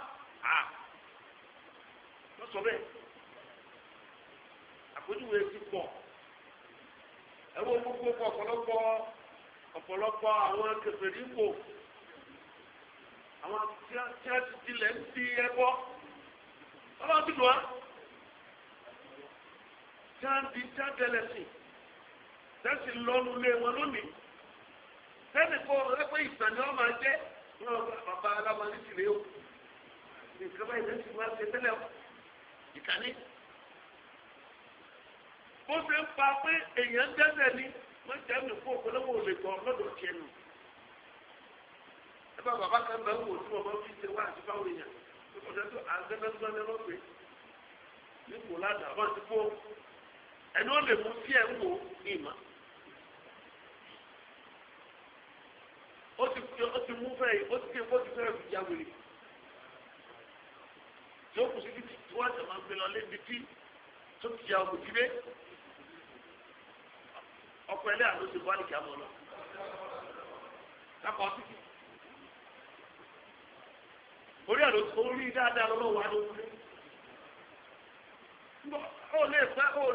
lọ sọ bẹ́ẹ̀ àpèjúwe ti pọ̀ ẹ gbogbo ọ̀pọ̀lọpọ̀ ọ̀pọ̀lọpọ̀ àwọn wò àwọn tí a ti ń jáde jádẹlẹsìn tẹsí lọnu lé wọn lónìí sẹni kọ ẹgbẹ ìsàn ni wọn máa jẹ wọn bàbá alámọlẹ sì rèé o nǹkan báyìí lẹsí wọn ṣe tẹ́lẹ̀ o ìkànnì bó ṣe ń pa pé èèyàn dẹ́sẹ̀ ni wọ́n jẹ́ mi fún ọ̀pọ̀lọpọ̀ olè gan lọ́dọ̀ tiẹ̀ nù. ẹ bá bàbá kan bẹ̀ wò tí wọ́n bá fi ṣe wá àti báwo èèyàn tó kọjá tó àgbẹ̀dẹ́gbẹ́ lọ́pẹ́ nípò ládàá wọ́n ti fún ẹni ó lè mú sí ẹ̀ ń wò ní ìmọ̀. ó ti ó ti mú fẹ́ ó ti kéwọ́ ti fẹ́ fi jáwèrè. yóò kù sí títí tí wọ́n ti máa ń gbé lọ lébi tí tó ti ya òkú jíbé. ọkọ̀ ẹlẹ́ àlọ́ ti bá nìkà mọ́ lọ. lápá ọtí kì. orí àlọ́ tó rí dáadáa lọ́wọ́ wa ló ń gbé. ó lè fẹ́ ó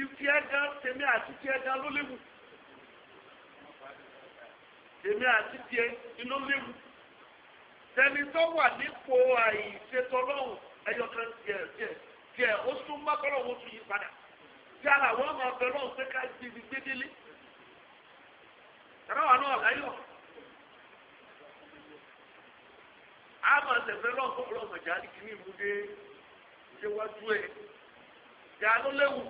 ìfi ẹ̀gán tèmi àti ti ẹ̀gán ló léwu tèmi àti tiẹ̀ ló léwu tẹni tó wà nípò àìṣètò ọlọ́run ẹyọkan tiẹ̀ tiẹ̀ tiẹ̀ ó tún bá kọ́lọ̀ wọ́n tún yí padà tí a làwọn ọmọ ọbẹ̀ lọ́hùn pé ká di ibi gbédélé tẹ̀lé wà náà láyọ̀ a máa tẹ̀fẹ́ lọ́hùn kọ́lọ̀ ọmọ jáde kìíní ìmúdé ṣéwájú ẹ̀ jà ló léwu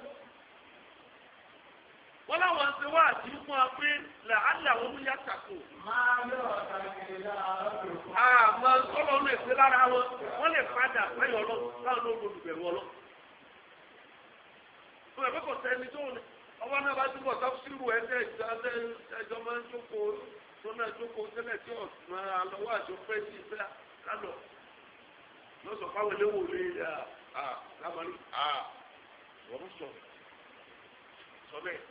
wọ́n láwọn ṣe wá àti fún wa pé làálà wọn mú yàtà kù. àmọ́ ọlọ́run lè ṣe lára wọn wọ́n lè padà sáyọ̀ lọ láwọn olólùbẹ̀rù ọlọ́. wọ́n ẹ̀fẹ́ kò sẹ́ni tó ní ọwọ́ náà bá túbọ̀ sáfùsírù ẹ̀jẹ̀ ẹ̀jọ́ máa ń jókòó tó náà jókòó tẹ́lẹ̀ tí ọ̀sùn alọ́wọ́ àjọ fẹ́ sí ìfẹ́ lálọ́. lọ́sọ̀ fáwọn eléwò lè lábàlú. wọ́n sọ sọ bẹ́ẹ̀.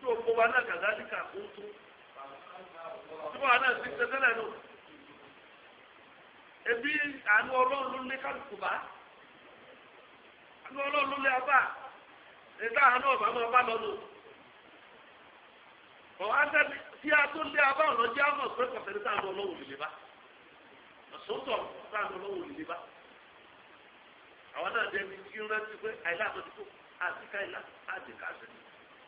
tí gbogbo wa náà kàdáníkà ń tún tí wọn náà ti ṣe tẹ́lẹ̀ nù. ebi àánú ọlọ́run ló kálukú bá àánú ọlọ́run ló abá ẹ̀dá àánú ọ̀bá máa bá lọ nù. ọ̀hún tí a tó lé abá ọ̀nà jẹ́ ní sáànù ọlọ́run bá sáànù ọlọ́run bá àwọn náà kí rántí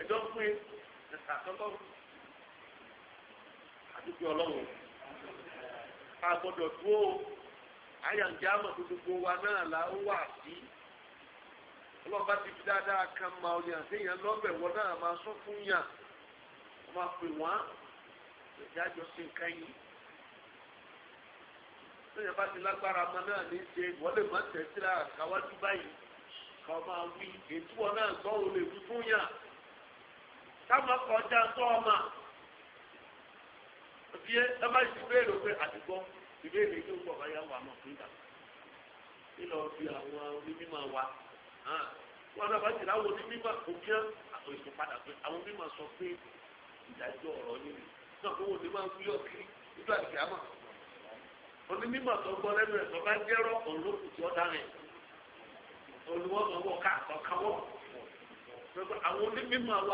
ẹjọ́ fún yín àtọ́tọ́ àdúgbò ọlọ́run àgbọ̀dọ̀ dúró àyànjẹ́ àmọ̀ tó gbogbo wa náà là ń wà sí ọlọ́ba ti fi dáadáa kan ma ọ̀yàn àtẹ̀yàn lọ́bẹ̀ wọ́n náà máa sọ fún yàn wọ́n máa pè wọ́n ìjà àjọ sí nǹkan yìí lóyìn bá ti lágbára ọmọ náà ní ṣe wọ́n lè má tẹ̀síra káwájú báyìí ká máa wí ètò ọ náà gbọ́ òun lè fi fún yàn. táwọn kọjá tó ọmọ bí ẹ bá ti béèrè pé àdúgbò ìbéèrè yóò pọ̀ báyà wà mọ̀ fún ìgbà nílò bí àwọn onímọ̀ wa wọn bá ti láwọn onímọ̀ òbí ẹ̀ àwọn padà pé àwọn onímọ̀ sọ pé ìdájọ́ ọ̀rọ̀ nínú náà kó wọn ní máa ń fi nígbà mọ̀ onímọ̀ tó gbọ́ lẹ́nu tó bá tí ó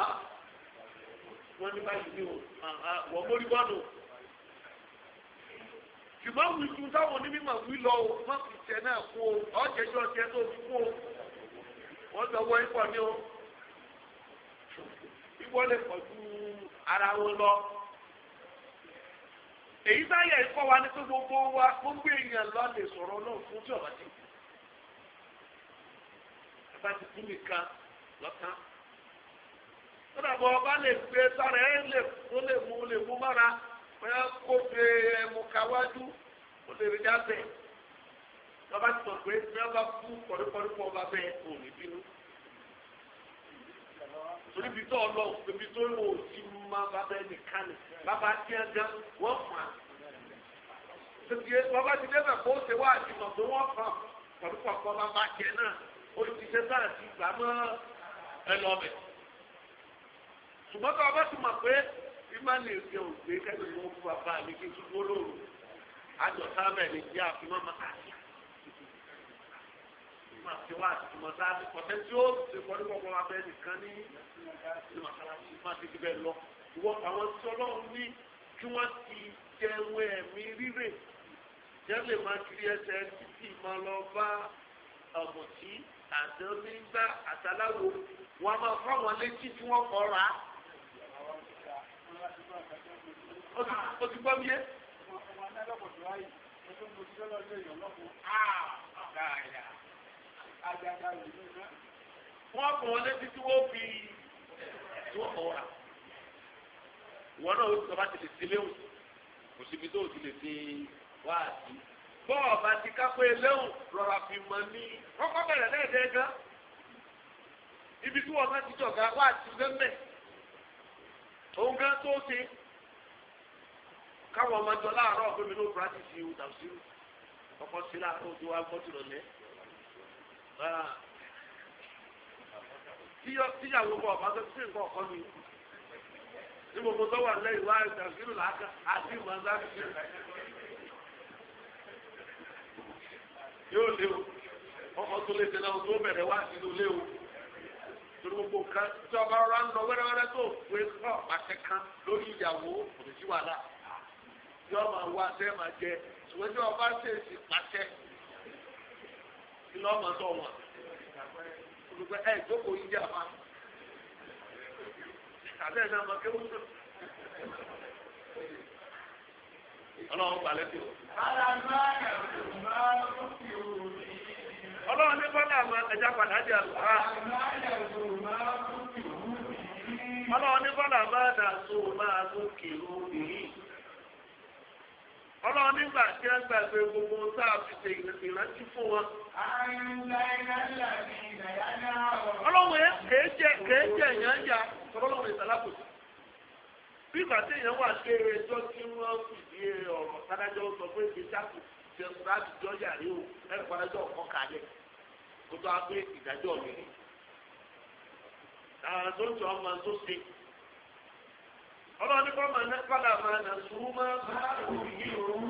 wọ́n ní báyìí ní o wọ́n mórí bọ́ọ̀nù. ṣùgbọ́n wíjú táwọn onímọ̀ wí lọ o wọ́n fi tẹ náà kú o ọ̀jẹ̀jọ́ tẹ tó fi kú o wọ́n lọ wọ ikọ̀ ní o. ìwọ́n lè pọ̀ ju ara wọn lọ. èyí táyà ikọ̀ wa ní pé gbogbo wa gbogbo èèyàn lọ lè sọ̀rọ̀ náà fún tí ọ̀bá ti kú. ẹ bá ti kú nìkan lọ́tàn kódà bọ ọba lè gbé sára ẹ lè mú lè mú lè mú mára bóyá kó fe ẹmu káwájú kó lè rí dábẹ lọba ti sọ pé bí wọn bá kú kọríkọrí fún ọba bẹ́ẹ̀ kò ní bínú torí bí tó lọ ibi tó lò ó ti má bàbá ẹnìkan ni bàbá tí ẹ gan wọn fà á bàbá ti débẹ̀ kó ṣe wá àti mọ̀ tó wọ́n fà kọríkọrí fún ọba bàjẹ́ náà ó ti ṣe sáà ti gbà mọ́ ẹ lọ bẹ̀ ṣùgbọ́n tó a bá ti mọ̀ pé ìmánì ìṣe ògbé kẹ́mi mọ́ fún bàbá mi kí n tún gbóló rò àjọ sábẹ̀ ní bí àfimọ́ máa kà sí. Ìmọ̀ àti wá àti ìmọ̀ sáà ti pọ̀tẹ́ tí ó ṣe pọ́nú pọ̀pọ̀ abẹ́ nìkan ní ìmọ̀ àkàlàsí máa ti bẹ́ẹ̀ lọ. Ìwọ àwọn tí Ọlọ́run ní kí wọ́n ti jẹun ẹ̀mí rírè jẹ́lẹ̀ máa kiri ẹsẹ̀ títí máa lọ bá o ti gbọ́ bíyé. ọmọ adájọ́ kò tó ráyè o tó ń lo iṣẹ́ lọ́jọ́ èèyàn lọ́kùn. àgàgà àgàgà rẹ̀ ló ná. wọ́n kàn án létí tí wọ́n fi tí wọ́n kọ̀ wá. ìwọ náà o ti sọ bá ti lè sílé o kò síbi tó o ti lè fi wá àti. bọ́ọ̀ bá ti kápẹ́ eléhùn rọra fi mọ ní. wọ́n kọ́ bẹ̀rẹ̀ lẹ́ẹ̀dẹ́gán. ibi tí wọ́n bá ti jọ̀gá wá àti lẹ́mẹ̀. òun gan tó ṣe káwọn ọmọ jọ láàárọ̀ pé mi ló practice yìí tàbí sí ọkọ sí láàárọ̀ ojú wa gbọ́ tìrọ̀ lẹ́. tíyàwó bọ̀ ọ̀bá tó sí nǹkan ọ̀kọ́ mi ní gbogbo tó wà lẹ́yìn wá ìdàgbìrì làákà àti ìmọ̀ọ́dá yóò léwu ọkọ̀ tó lè tẹ̀lé ọdún tó bẹ̀rẹ̀ wá sínú léwu torí gbogbo kan tí ọba rárá ń lọ wẹ́rẹ́wẹ́rẹ́ tó fún ẹ kọ́ àṣẹ kan lórí ìyàwó kò sí wàhálà. yọ máa wá sẹ máa jẹ ṣùgbọ́n tí wọ́n bá ṣèṣì pàṣẹ kí lọ́ọ́ máa tọ̀ wọ́n olùgbé ẹ̀ jókòó yíyá wa àbẹ́ẹ̀ náà máa kéwù tó ọlọ́run gbalẹ̀ tó. ọlọ́run ní ẹja padà di àlùfáà. ọlọ́run ní ọlọ́run nígbà tí ẹ gbàgbé gbogbo tá fi ṣe ìrántí fún wọn. ọlọ́run yẹn kèé jẹ kèé jẹ èèyàn ya ọlọ́run ìsàlákòsí. bí ìgbà tí èèyàn wà ṣe ẹjọ́ tí wọ́n ọ̀rọ̀ sádájọ́ sọ pé èdè ṣe ń bá o ẹ̀rọ padàjọ́ ọ̀kan kalẹ̀ kó tó a pé ọlọ́run ní kọ́ máa ná padà máa nà sùn máa bá òun yìí òun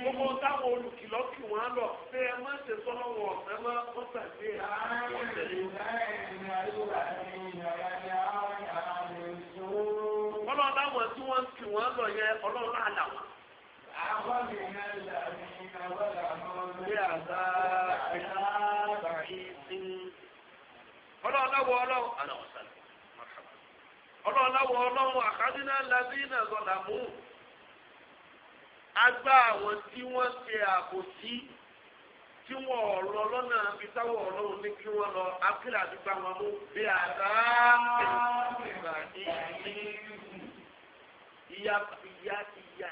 gbogbo táwọn olùkìlọ̀ kì wọ́n lọ pé ẹ má ṣe sọ́nà wọn ọ̀fẹ́ má ó tàgbé àwọn tẹ̀lé. ọlọ́run láwọn tí wọ́n kì wọ́n lọ yẹ ọlọ́run náà là wọ́n. àwọn ènìyàn là ní àwọn àmọ́ ní àbá ẹ̀ka bàyìí sí. ọlọ́run láwọ ọlọ́run àlọ́ ọlọ́run láwọ ọlọ́run àkádínà lábínà zọ̀làmù agbá àwọn tí wọ́n ṣe àbòsí tí wọ́n ọ̀rọ̀ lọ́nà àbí táwọn ọlọ́run ní kí wọ́n lọ akílà àdúgbò àwọn mú bí àdá ìgbà ìyí ìyá ìyá ìyá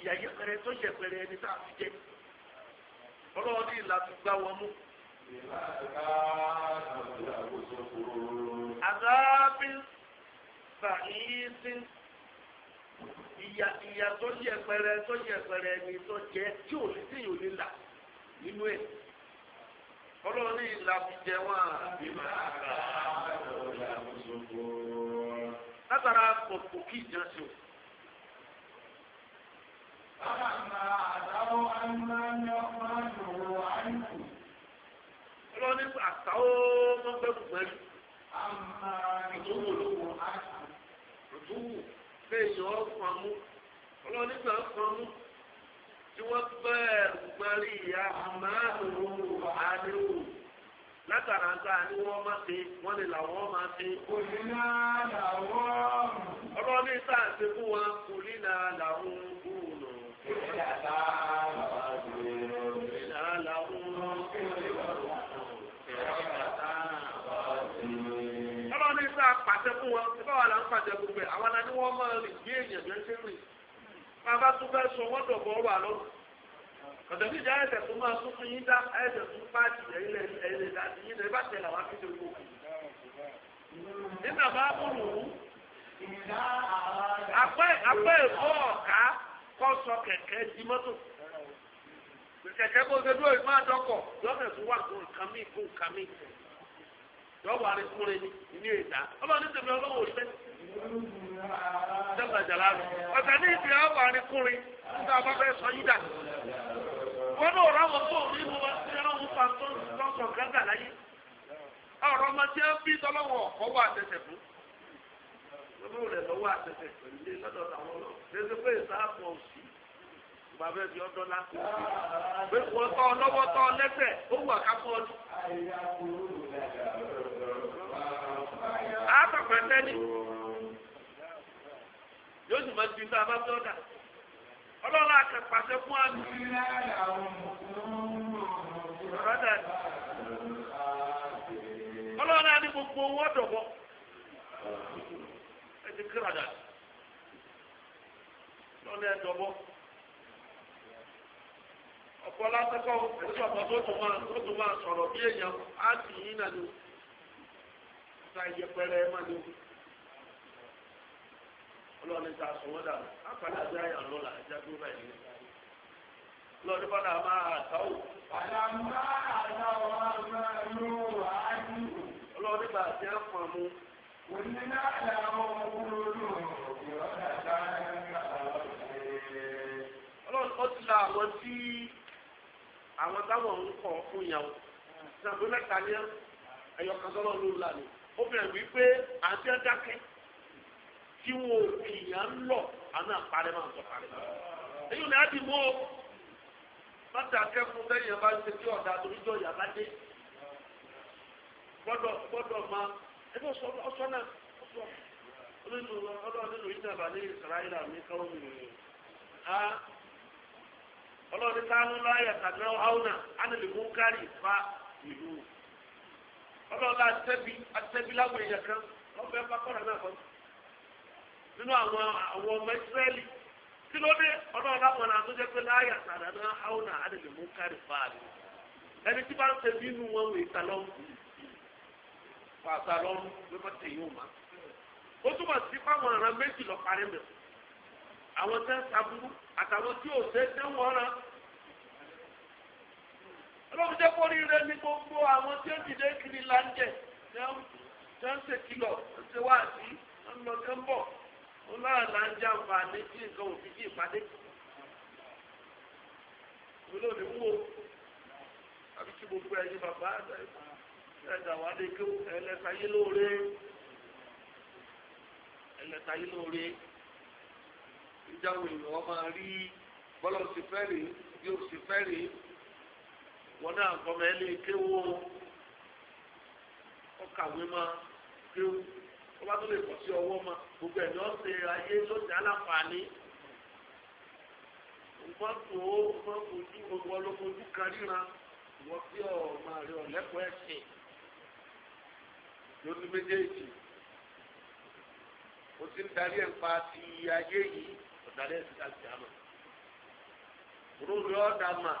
ìyá yẹpẹrẹ tó yẹpẹrẹ ẹni tá a fi jẹ ọlọ́run ní ìlà àdúgbò àwọn mú. àdá bí. fàyínsìn ìyà ìyà tó yẹ pẹrẹ tó yẹ pẹrẹ ẹni tó jẹ tí ò ní tí yóò là nínú ẹ ọlọ́run ní ìlà fi jẹ wọn àbí máa kà á lọ́la gbogbo. látara pọ̀pọ̀ kí ìjọ sí bàbá máa òtúwù kéèyàn ọ̀fọ̀n mú ọlọ́run nígbà tí wọ́n bẹ́ẹ̀ gbẹ́rí ìyá àmàlùú àdéhù látara ń ta ni wọ́n wọ́n lè làwọn máa ṣe. òní náà làwọn. ọlọ́run ní sáà ṣe fún wa kùlí náà làwọn kùnú. ìṣẹ̀dá. pàṣẹ fún wọn ṣé báwa la ń pàṣẹ gbogbo ẹ̀ àwọn ni wọ́n máa rìn bí èèyàn bí ń ṣe rìn bàbá tún fẹ́ sọ wọ́n dọ̀bọ̀ ọ̀rọ̀ àlọ́ ọ̀dọ̀ níjà ẹ̀sẹ̀ tó máa tún fún yín dá ẹ̀sẹ̀ tún pàṣẹ ẹ̀yìn lẹ̀ láti yín lẹ̀ bá tẹ̀ làwọn fi ṣe gbogbo. nínú àbá bùrù apẹ́ ẹ̀kọ́ ọ̀ká kọ́ sọ kẹ̀kẹ́ di mọ́tò kẹ̀kẹ́ bó ṣe dúró ìmọ̀ àdọ́kọ̀ lọ́nà tó wà fún nǹkan mí fún nǹkan mí yọ wà ní kúrin ní ìta ọba ní tèmi ọlọ́wọ́ òṣìṣẹ́ dẹ́gbà jàlá rẹ̀ ọ̀sẹ̀ ní ìfì yọ wà ní kúrin nígbà bá fẹ́ sọ yí dà wọn náà rà wọn fún òní mo ti rán wọn fún àtọ́ lọ́sọ̀ gángan láyé ọ̀rọ̀ ọmọ tí wọ́n bí tọ́lọ́wọ́ ọ̀kọ́ wà tẹ̀sẹ̀ fún lọ́wọ́ rẹ̀ lọ́wọ́ àtẹ̀tẹ̀ pẹ̀lú ilé lọ́dọ̀ àwọn ọlọ́ ṣéṣe pé ìsáàpù òsì ìgbà bẹ́ẹ̀ bí ọdọ́ la pé wọ́n tọ́ lọ́wọ́ tọ́ lẹ́sẹ̀ ó wù àkàkọ́ ọdún. àpapọ̀ tẹ́lẹ̀ yóò sì máa ti sá bá sọ́dà ọlọ́run àkàpàṣẹ fún àmì. ọlọ́run á gbogbo owó ọ̀dọ̀wọ́ ẹ ti kíra dà lọ́nà ẹ̀dọ̀wọ́ ọ̀pọ̀ tó máa sọ̀rọ̀ bí èèyàn á sì yín ta yẹpẹrẹ ẹ má ní o ọlọ́ọ̀ni ta sùn wọ́n dànù àpàdé ajá yà lọ́la ajá tó báyìí ní. lọ́ọ̀ni bọ́dà máa àtàwò. bàdà máa àtàwò máa lò wá ní. ọlọ́ọ̀ni bàá ti ń fọn mu. òní náà làwọn olóró ìrọ̀lẹ́ dáná ń gbà lọ́sẹ̀. ọlọ́ọ̀ni ó ti la àwọn tí àwọn táwọn ń kọ̀ fún yàwó. ìsàbí mẹ́ta ni ẹ̀yọ̀kan tọ́lọ́ ló ń lànà. obìnrin wípé àti ẹ̀dákẹ́ tí wọn ò fi ń lọ àná àparẹ́ máa ń sọ o bàtà akẹ́kọ̀ọ́ bẹ́ẹ̀ yẹn bá ṣe tí ọ̀dà àtòríjọ ìyá bá dé gbọ́dọ̀ gbọ́dọ̀ máa ẹgbẹ́ ọ̀sọ́ náà ọ̀sọ́ nínú ọlọ́run nínú ìjàmbá ní mi ọlọ́lá àtẹ́bí àtẹ́bí láwọn èèyàn kan wọ́n fẹ́ bá kọ́ra náà kan nínú àwọn àwọn ọmọ ìsírẹ́lì kí ló dé ọlọ́ọ̀lá wọn náà tó jẹ́ pé láàyè àtàrà náà áwọn náà mú kárì fáàlì ẹni tí bá ń tẹ wọn wò ìta lọ́wọ́ bá ó túbọ̀ sí fáwọn ọ̀ràn méjì àwọn tẹ́ ọlọ́run jẹ́ kórìí rẹ ní gbogbo àwọn tí ó dìde kiri láńjẹ tí wọ́n ń ṣèkìlọ̀ ṣe wá sí ọlọ́jọ́ ń bọ̀ ọlọ́run là ń jàǹfààní tí nǹkan òfin kì í padé olóòlù wúwo àbí tí gbogbo ẹyin bàbá ẹ̀dá wà lè kí ẹlẹ́ta yé lóore ẹlẹ́ta yé lóore ìjáwé ìwọ̀n máa rí bọ́lọ̀ sí fẹ́ rèé bí ó fẹ́ rèé wọn náà kọ́mọ ẹ lé kéwú ọkàwé ma kéwú ọba tó lè kọ́ sí ọwọ́ ma gbogbo ẹ̀ ní ọ̀sẹ̀ ayé lọ́sẹ̀ aláǹfààní wọ́n tó wọ́n fojú gbogbo ọlọ́fojú kan ríran wọ́n fi ọ̀ọ́mà rẹ̀ ọ̀lẹ́kọ̀ọ́ ẹ̀sìn lórí méjèèjì o ti ń darí ẹ̀ ń pa ti ayé yìí ọ̀dàlẹ́ ẹ̀sìn àti àmà. Rúurú ọ̀dà máa.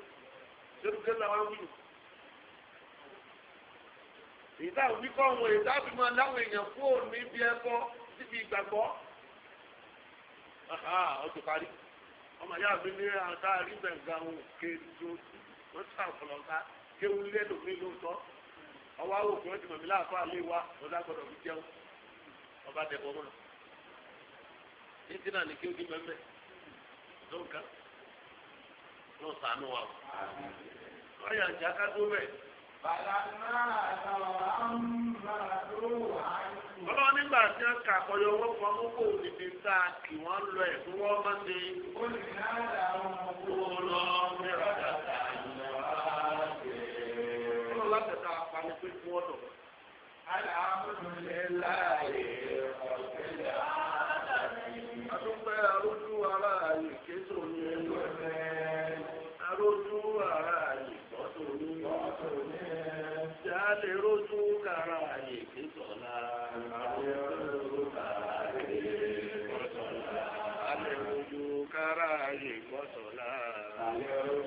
ṣerúṣe làwọn wí. èyí táwọn oníkọ́ àwọn èyí táwọn máa láwọn èèyàn fóònù níbi ẹ̀kọ́ síbi ìgbàgbọ́. ó ti parí ọmọ yára mi ní àtà àríbẹ̀ǹgà òun kéèdì tó wọ́n ṣàfọ̀lọ́ ká kéwú lẹ́dọ̀ọ́mí lóòótọ́ ọwọ́ àwọn òkú ọdún mọ̀mí láàfọ́ àlẹ́ wa lọ́dọ̀ àgbọ̀dọ̀ fi jẹun ọba tẹ̀ bọ́ mọ́. ní tí náà ní kí ó dín mẹ́mẹ́ lóǹkà. yóò sànú wa o. wọ́n yàn jẹ́ akádó bẹ̀. Bọ́lá nígbà tí wọ́n kà kì wọ́n lọ ẹ̀ fún wọ́n ọmọ lọ ìlú wa ṣe. láti ta ọ̀dọ̀.